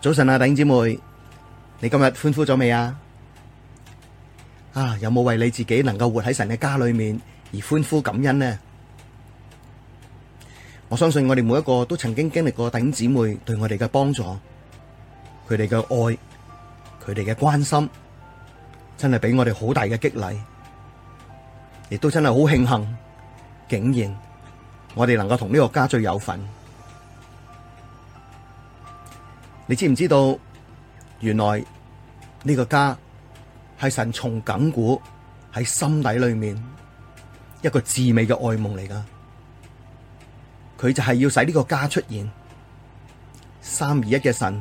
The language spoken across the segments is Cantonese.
早晨啊，弟兄姊妹，你今日歡呼咗未啊？啊，有冇為你自己能夠活喺神嘅家裏面而歡呼感恩呢？我相信我哋每一個都曾經經歷過弟兄姊妹對我哋嘅幫助，佢哋嘅愛，佢哋嘅關心，真係俾我哋好大嘅激勵，亦都真係好慶幸，竟然我哋能夠同呢個家最有份。你知唔知道？原來呢個家係神從亙古喺心底裏面一個至美嘅愛夢嚟㗎。佢就係要使呢個家出現。三而一嘅神、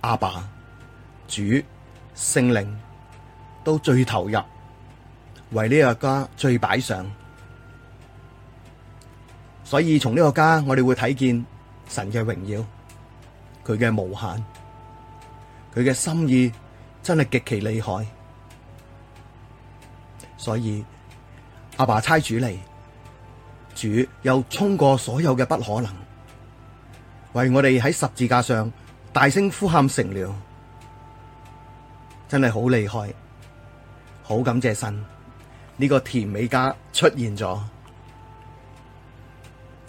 阿爸、主、聖靈都最投入為呢個家最擺上，所以從呢個家我哋會睇見神嘅榮耀。佢嘅無限，佢嘅心意真係極其厲害，所以阿爸差主嚟，主又衝過所有嘅不可能，為我哋喺十字架上大聲呼喊，成了，真係好厲害，好感謝神，呢個甜美家出現咗，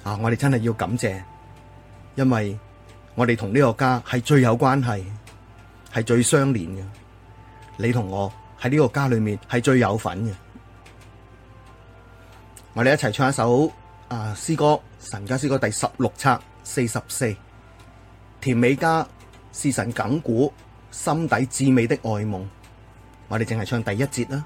啊，我哋真係要感謝，因為。我哋同呢個家係最有關係，係最相連嘅。你同我喺呢個家裏面係最有份嘅。我哋一齊唱一首啊詩歌《神家詩歌》第十六冊四十四，甜美家是神亙古，心底至美的愛夢。我哋淨係唱第一節啦。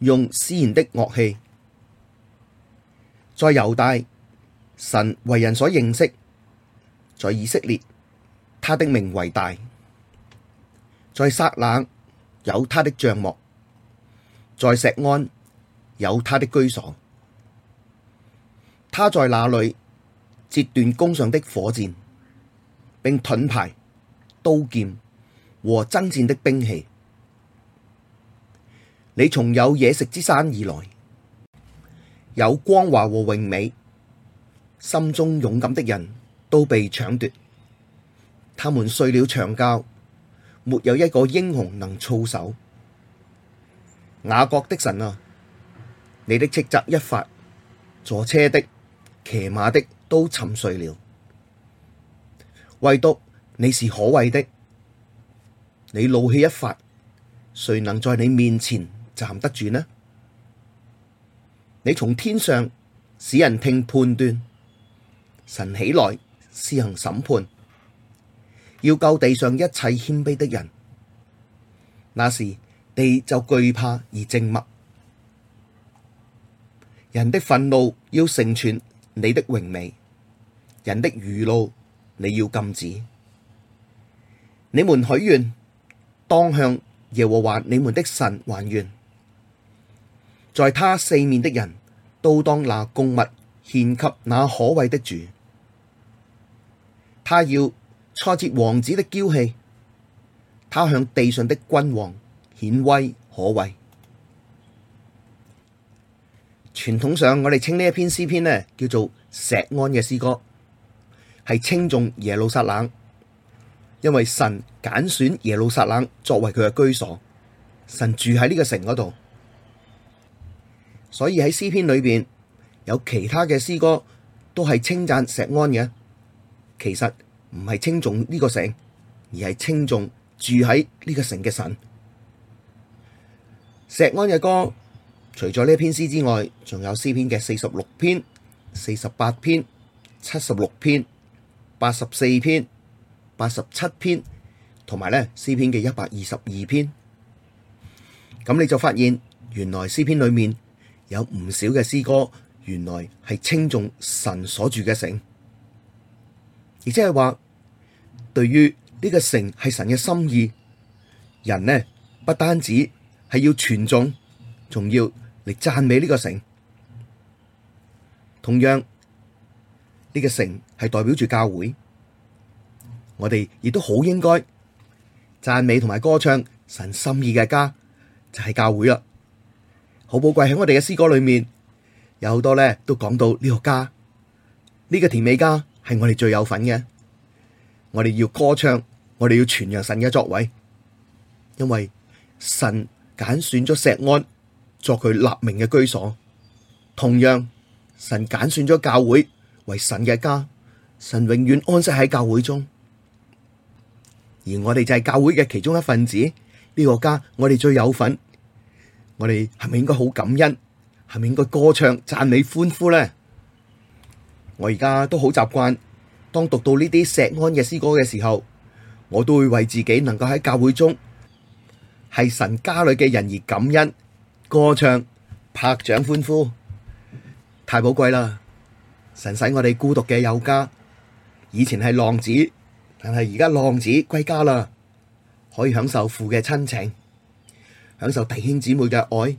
用絲弦的樂器，在猶大，神為人所認識；在以色列，他的名為大；在撒冷有他的帳幕，在錫安有他的居所。他在那裡折斷弓上的火箭，並盾牌、刀劍和爭戰的兵器。你從有野食之山而來，有光華和榮美，心中勇敢的人都被搶奪，他們睡了長覺，沒有一個英雄能措手。雅各的神啊，你的斥責一發，坐車的、騎馬的都沉睡了，唯獨你是可畏的，你怒氣一發，誰能在你面前站得住呢？你從天上使人聽判斷，神起來施行審判，要救地上一切謙卑的人。那時地就懼怕而靜默，人的憤怒要成全你的榮美，人的餘怒，你要禁止。你們許願，當向耶和華你們的神還願。在他四面的人都當拿貢物獻給那可畏的主，他要挫折王子的驕氣，他向地上的君王顯威可畏。傳統上我哋稱呢一篇詩篇咧叫做《錫安嘅詩歌》，係稱頌耶路撒冷，因為神揀選耶路撒冷作為佢嘅居所，神住喺呢個城嗰度。所以喺詩篇裏邊有其他嘅詩歌都係稱讚錫安嘅，其實唔係稱頌呢個城，而係稱頌住喺呢個城嘅神。錫安嘅歌除咗呢篇詩之外，仲有詩篇嘅四十六篇、四十八篇、七十六篇、八十四篇、八十七篇，同埋咧詩篇嘅一百二十二篇。咁你就發現，原來詩篇裏面，有唔少嘅詩歌，原來係稱頌神所住嘅城，亦即係話，對於呢個城係神嘅心意，人呢不單止係要傳頌，仲要嚟讚美呢個城。同樣，呢、這個城係代表住教會，我哋亦都好應該讚美同埋歌唱神心意嘅家，就係、是、教會啦。好寶貴。喺我哋嘅詩歌裏面，有好多咧都講到呢個家，呢個甜美家係我哋最有份嘅。我哋要歌唱，我哋要傳揚神嘅作為，因為神揀選咗錫安作佢立名嘅居所。同樣，神揀選咗教會為神嘅家，神永遠安息喺教會中，而我哋就係教會嘅其中一份子。呢個家我哋最有份。我哋係咪應該好感恩？係咪應該歌唱讚美歡呼呢？我而家都好習慣，當讀到呢啲錫安嘅詩歌嘅時候，我都會為自己能夠喺教會中係神家裏嘅人而感恩、歌唱、拍掌歡呼。太寶貴啦！神使我哋孤獨嘅有家，以前係浪子，但係而家浪子歸家啦，可以享受父嘅親情。享受弟兄姊妹嘅愛。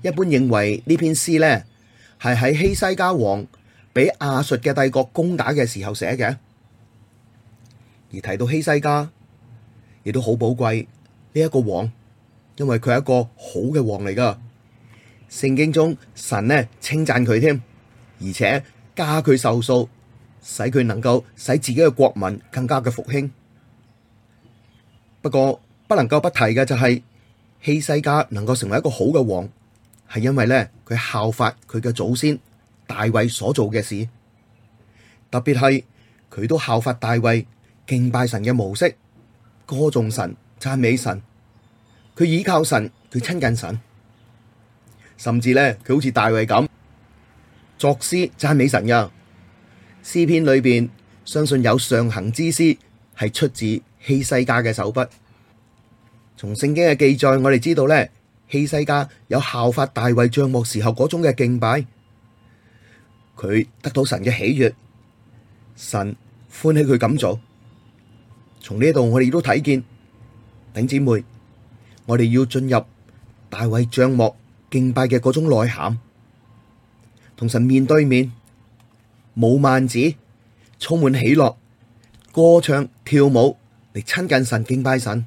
一般認為呢篇詩呢係喺希西家王俾亞述嘅帝國攻打嘅時候寫嘅，而提到希西家，亦都好寶貴呢一個王，因為佢係一個好嘅王嚟㗎。聖經中神呢稱讚佢添，而且加佢壽數，使佢能夠使自己嘅國民更加嘅復興。不過，不能夠不提嘅就係、是，希西家能夠成為一個好嘅王，係因為咧佢效法佢嘅祖先大衛所做嘅事，特別係佢都效法大衛敬拜神嘅模式，歌頌神、讚美神，佢倚靠神，佢親近神，甚至咧佢好似大衛咁作詩讚美神噶詩篇裏邊，相信有上行之詩係出自希西家嘅手筆。從聖經嘅記載，我哋知道咧，希西家有效法大衛帳幕時候嗰種嘅敬拜，佢得到神嘅喜悅，神歡喜佢咁做。從呢度我哋亦都睇見，頂姊妹，我哋要進入大衛帳幕敬拜嘅嗰種內涵，同神面對面，冇幔子，充滿喜樂，歌唱跳舞嚟親近神敬拜神。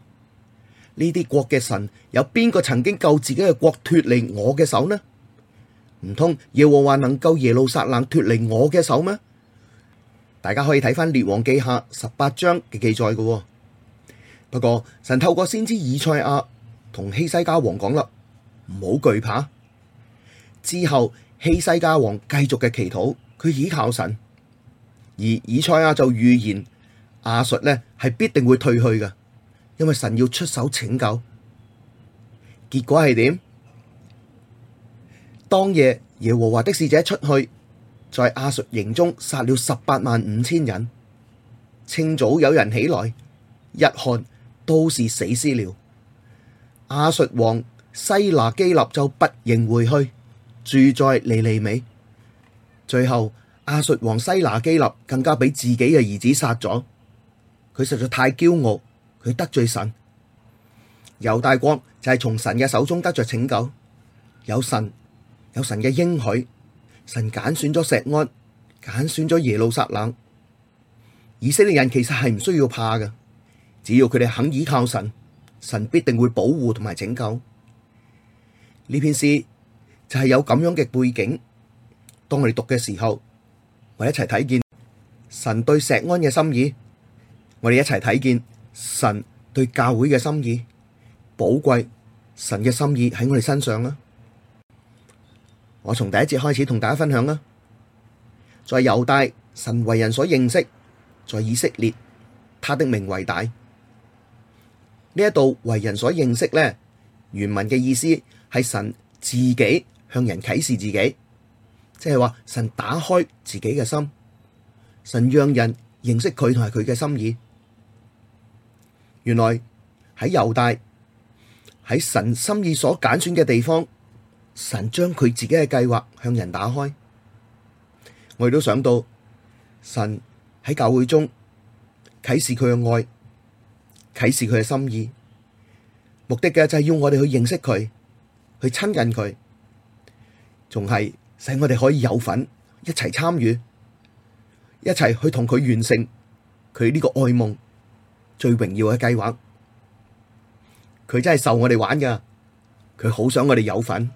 呢啲國嘅神有邊個曾經救自己嘅國脫離我嘅手呢？唔通耶和華能夠耶路撒冷脫離我嘅手咩？大家可以睇翻列王記下十八章嘅記載噶哦。不過神透過先知以賽亞同希西家王講啦，唔好懼怕。之後希西家王繼續嘅祈禱，佢倚靠神，而以賽亞就預言亞述呢係必定會退去嘅。因為神要出手拯救，結果係點？當夜耶和華的使者出去，在亞述營中殺了十八萬五千人。清早有人起來一看，都是死屍了。亞述王西拿基立就不認回去，住在尼尼微。最後，亞述王西拿基立更加俾自己嘅兒子殺咗，佢實在太驕傲。佢得罪神，猶大國就係從神嘅手中得着拯救，有神，有神嘅應許，神揀選咗錫安，揀選咗耶路撒冷。以色列人其實係唔需要怕㗎，只要佢哋肯依靠神，神必定會保護同埋拯救。呢篇詩就係有咁樣嘅背景。當我哋讀嘅時候，我哋一齊睇見神對錫安嘅心意，我哋一齊睇見。神對教會嘅心意，寶貴，神嘅心意喺我哋身上啦。我從第一節開始同大家分享啦。在猶大，神為人所認識；在以色列，他的名為大。呢一度為人所認識呢，原文嘅意思係神自己向人啟示自己，即係話神打開自己嘅心，神讓人認識佢同埋佢嘅心意。原來喺猶大喺神心意所揀選嘅地方，神將佢自己嘅計劃向人打開。我亦都想到神喺教會中啟示佢嘅愛，啟示佢嘅心意，目的嘅就係要我哋去認識佢，去親近佢，仲係使我哋可以有份一齊參與，一齊去同佢完成佢呢個愛夢。最榮耀嘅計劃，佢真係受我哋玩噶，佢好想我哋有份，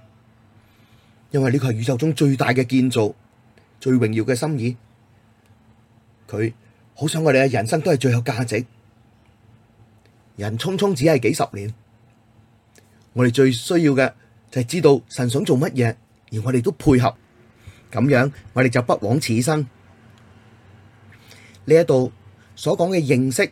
因為呢個係宇宙中最大嘅建造，最榮耀嘅心意，佢好想我哋嘅人生都係最有價值。人匆匆只係幾十年，我哋最需要嘅就係知道神想做乜嘢，而我哋都配合，咁樣我哋就不枉此生。呢一度所講嘅認識。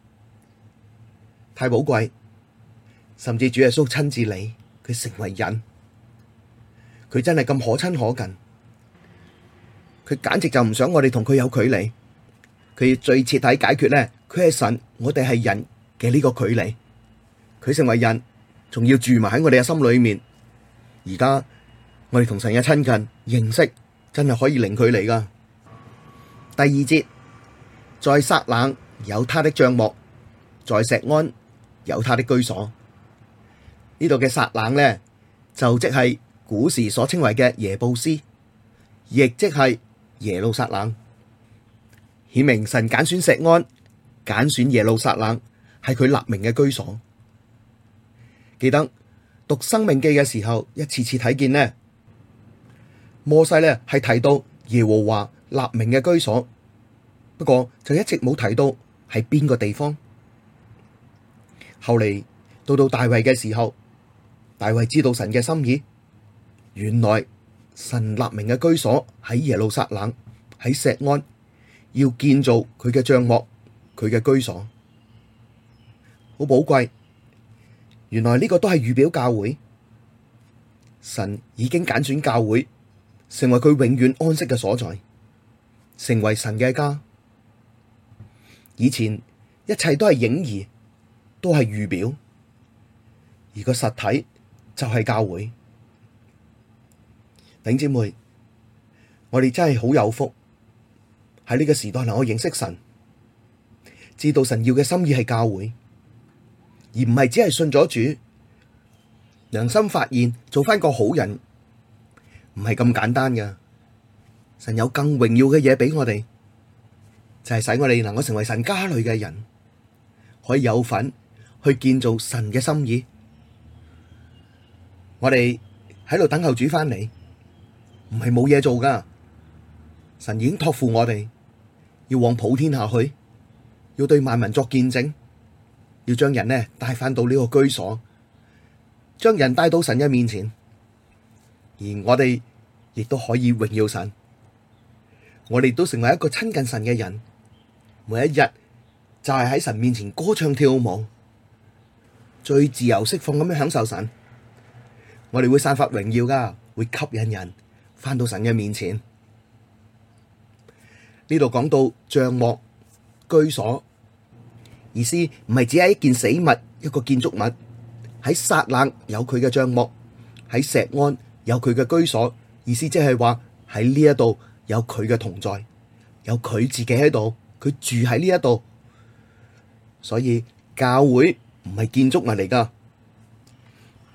太寶貴，甚至主耶穌親自嚟，佢成為人，佢真係咁可親可近，佢簡直就唔想我哋同佢有距離，佢最徹底解決咧，佢係神，我哋係人嘅呢個距離，佢成為人，仲要住埋喺我哋嘅心裏面。而家我哋同神嘅親近認識，真係可以零距離噶。第二節，在撒冷有他的帳幕，在錫安。有他的居所，呢度嘅撒冷呢，就即係古時所稱為嘅耶布斯，亦即係耶路撒冷。顯明神揀選錫安，揀選耶路撒冷係佢立名嘅居所。記得讀生命記嘅時候，一次次睇見呢，摩西呢係提到耶和華立名嘅居所，不過就一直冇提到喺邊個地方。後嚟到到大衛嘅時候，大衛知道神嘅心意，原來神立名嘅居所喺耶路撒冷，喺錫安要建造佢嘅帳幕，佢嘅居所，好寶貴。原來呢個都係預表教會，神已經揀選教會成為佢永遠安息嘅所在，成為神嘅家。以前一切都係影兒。都係預表，而個實體就係教會。弟兄姊妹，我哋真係好有福喺呢個時代，能夠認識神，知道神要嘅心意係教會，而唔係只係信咗主，良心發現做翻個好人，唔係咁簡單㗎。神有更榮耀嘅嘢俾我哋，就係使我哋能夠成為神家裏嘅人，可以有份。去建造神嘅心意，我哋喺度等候主翻嚟，唔係冇嘢做噶。神已經托付我哋，要往普天下去，要對萬民作見證，要將人呢帶翻到呢個居所，將人帶到神嘅面前，而我哋亦都可以榮耀神，我哋都成為一個親近神嘅人，每一日就係喺神面前歌唱跳舞。最自由釋放咁樣享受神，我哋會散發榮耀噶，會吸引人返到神嘅面前。呢度講到帳幕居所，意思唔係只係一件死物，一個建築物。喺撒冷有佢嘅帳幕，喺錫安有佢嘅居所。意思即係話喺呢一度有佢嘅同在，有佢自己喺度，佢住喺呢一度。所以教會，唔係建築物嚟噶，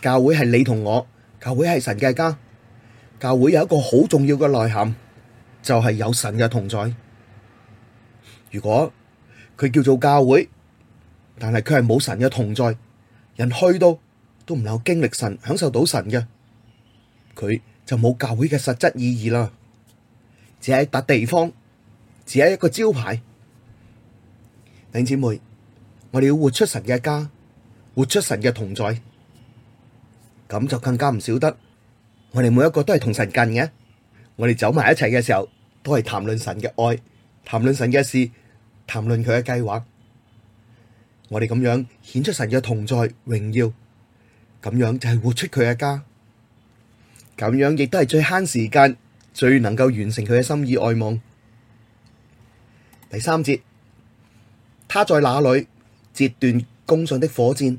教會係你同我，教會係神嘅家。教會有一個好重要嘅內涵，就係有神嘅同在。如果佢叫做教會，但係佢係冇神嘅同在，人去到都唔能夠經歷神，享受到神嘅，佢就冇教會嘅實質意義啦。只係一笪地方，只係一個招牌。弟兄姊妹，我哋要活出神嘅家。活出神嘅同在，咁就更加唔少得。我哋每一個都係同神近嘅，我哋走埋一齊嘅時候，都係談論神嘅愛，談論神嘅事，談論佢嘅計劃。我哋咁樣顯出神嘅同在榮耀，咁樣就係活出佢嘅家，咁樣亦都係最慳時間、最能夠完成佢嘅心意愛夢。第三節，他在那裡截斷弓上的火箭。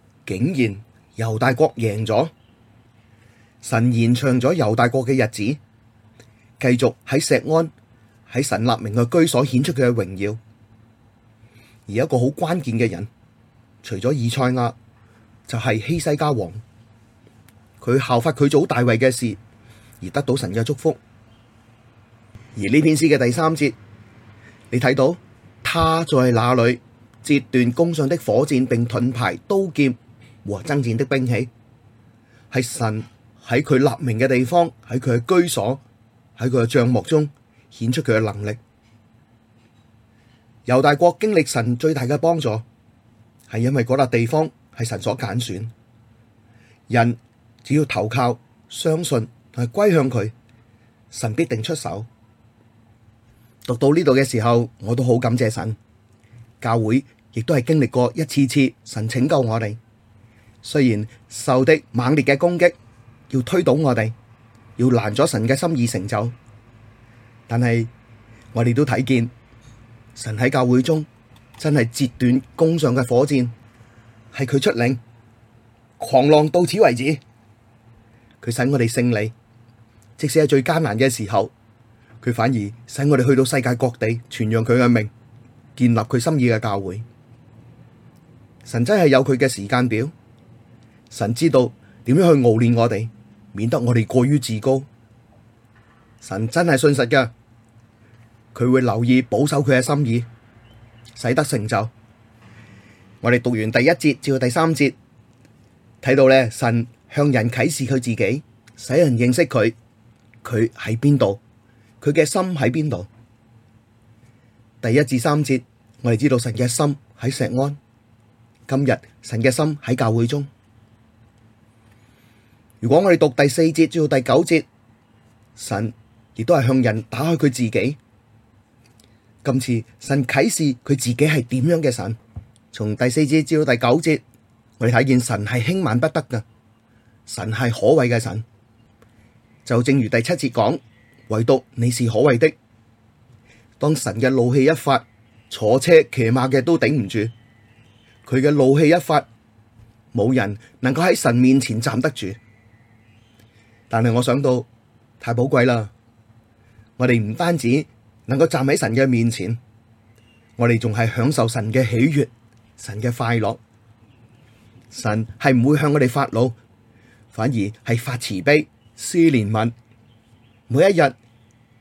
竟然猶大國贏咗，神延長咗猶大國嘅日子，繼續喺錫安喺神立明嘅居所顯出佢嘅榮耀。而一個好關鍵嘅人，除咗以賽亞，就係、是、希西家王，佢效法佢祖大衛嘅事，而得到神嘅祝福。而呢篇詩嘅第三節，你睇到他在那裡截斷弓上的火箭，並盾牌刀劍。和爭戰的兵器，係神喺佢立名嘅地方，喺佢嘅居所，喺佢嘅帳幕中顯出佢嘅能力。猶大國經歷神最大嘅幫助，係因為嗰笪地方係神所揀選。人只要投靠、相信同埋歸向佢，神必定出手。讀到呢度嘅時候，我都好感謝神，教會亦都係經歷過一次次神拯救我哋。雖然受敵猛烈嘅攻擊，要推倒我哋，要攔咗神嘅心意成就，但係我哋都睇見神喺教會中真係截斷弓上嘅火箭，係佢出領狂浪到此為止。佢使我哋勝利，即使喺最艱難嘅時候，佢反而使我哋去到世界各地傳揚佢嘅命，建立佢心意嘅教會。神真係有佢嘅時間表。神知道點樣去熬練我哋，免得我哋過於自高。神真係信實噶，佢會留意保守佢嘅心意，使得成就。我哋讀完第一節至到第三節，睇到咧神向人啟示佢自己，使人認識佢，佢喺邊度，佢嘅心喺邊度。第一至三節，我哋知道神嘅心喺錫安。今日神嘅心喺教會中。如果我哋讀第四節至到第九節，神亦都係向人打開佢自己。今次神啟示佢自己係點樣嘅神？從第四節至到第九節，我哋睇見神係輕慢不得嘅，神係可畏嘅神。就正如第七節講，唯獨你是可畏的。當神嘅怒氣一發，坐車騎馬嘅都頂唔住。佢嘅怒氣一發，冇人能夠喺神面前站得住。但係我想到太寶貴啦！我哋唔單止能夠站喺神嘅面前，我哋仲係享受神嘅喜悦、神嘅快樂。神係唔會向我哋發怒，反而係發慈悲、施憐憫。每一日，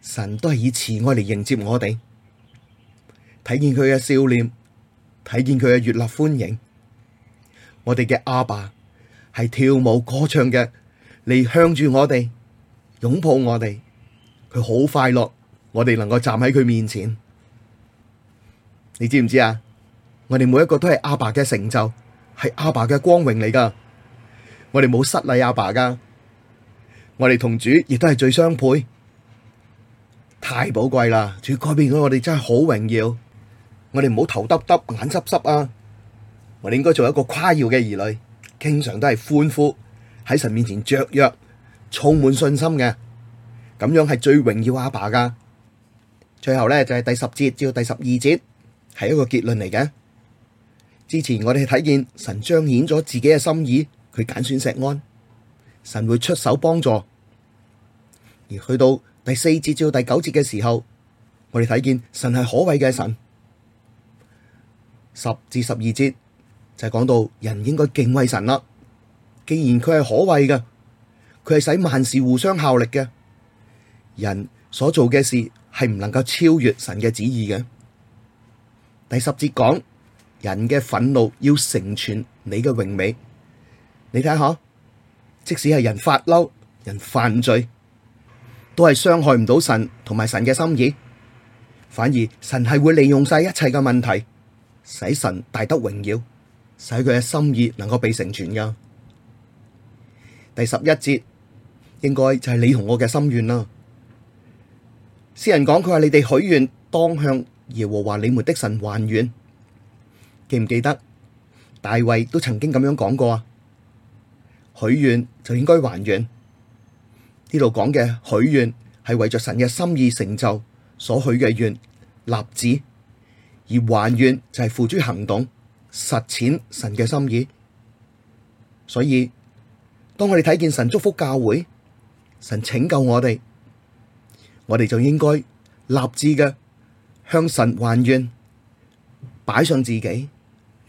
神都係以慈愛嚟迎接我哋，睇見佢嘅笑臉，睇見佢嘅熱力歡迎。我哋嘅阿爸係跳舞歌唱嘅。你向住我哋擁抱我哋，佢好快樂，我哋能夠站喺佢面前，你知唔知啊？我哋每一個都係阿爸嘅成就，係阿爸嘅光榮嚟㗎，我哋冇失禮阿爸㗎，我哋同主亦都係最相配，太寶貴啦！主改變咗我哋真係好榮耀，我哋唔好頭耷耷眼濕濕啊！我哋應該做一個誇耀嘅兒女，經常都係歡呼。喺神面前雀躍，充滿信心嘅，咁樣係最榮耀阿爸噶。最後呢就係第十節至到第十二節，係一個結論嚟嘅。之前我哋睇見神彰顯咗自己嘅心意，佢揀選錫安，神會出手幫助。而去到第四節至到第九節嘅時候，我哋睇見神係可畏嘅神。十至十二節就係講到人應該敬畏神啦。既然佢係可畏嘅，佢係使萬事互相效力嘅。人所做嘅事係唔能夠超越神嘅旨意嘅。第十節講人嘅憤怒要成全你嘅榮美。你睇下，即使係人發嬲、人犯罪，都係傷害唔到神同埋神嘅心意。反而神係會利用晒一切嘅問題，使神大得榮耀，使佢嘅心意能夠被成全嘅。第十一節應該就係你同我嘅心願啦。詩人講佢話：你哋許願當向耶和華你們的神還願，記唔記得大衛都曾經咁樣講過啊？許願就應該還願。呢度講嘅許願係為着神嘅心意成就所許嘅願立志，而還願就係付諸行動，實踐神嘅心意。所以。當我哋睇見神祝福教會，神拯救我哋，我哋就應該立志嘅向神還願，擺上自己，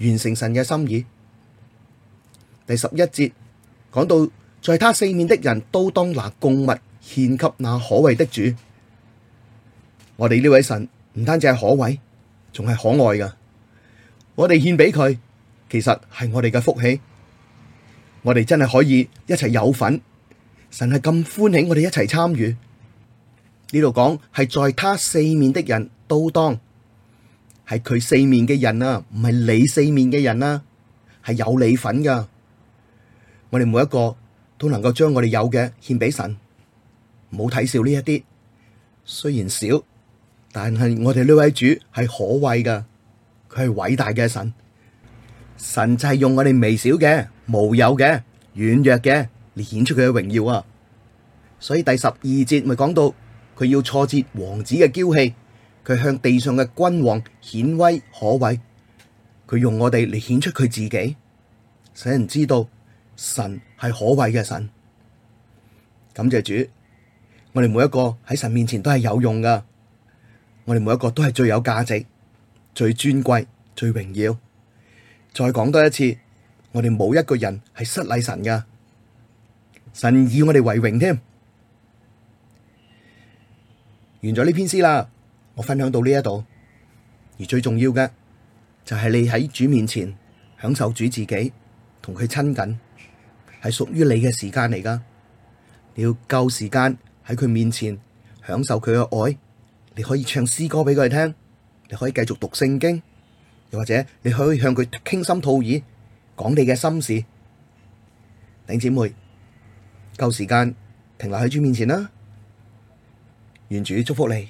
完成神嘅心意。第十一節講到，在他四面的人都當拿貢物獻給那可畏的主。我哋呢位神唔單止係可畏，仲係可愛嘅。我哋獻俾佢，其實係我哋嘅福氣。我哋真係可以一齊有份，神係咁歡喜我哋一齊參與，呢度講係在他四面的人都當係佢四面嘅人啊，唔係你四面嘅人啊，係有你份噶。我哋每一個都能夠將我哋有嘅獻俾神，冇睇笑呢一啲，雖然少，但係我哋呢位主係可畏噶，佢係偉大嘅神，神就係用我哋微小嘅。無有嘅軟弱嘅，嚟顯出佢嘅榮耀啊！所以第十二節咪講到佢要挫折王子嘅驕氣，佢向地上嘅君王顯威可畏，佢用我哋嚟顯出佢自己，使人知道神係可畏嘅神。感謝主，我哋每一個喺神面前都係有用噶，我哋每一個都係最有價值、最尊貴、最榮耀。再講多一次。我哋冇一個人係失禮神㗎，神以我哋為榮添。完咗呢篇詩啦，我分享到呢一度。而最重要嘅就係你喺主面前享受主自己，同佢親近，係屬於你嘅時間嚟㗎。你要夠時間喺佢面前享受佢嘅愛，你可以唱詩歌俾佢哋聽，你可以繼續讀聖經，又或者你可以向佢傾心吐意。講你嘅心事，弟兄姐妹，夠時間停留喺主面前啦，願主祝福你。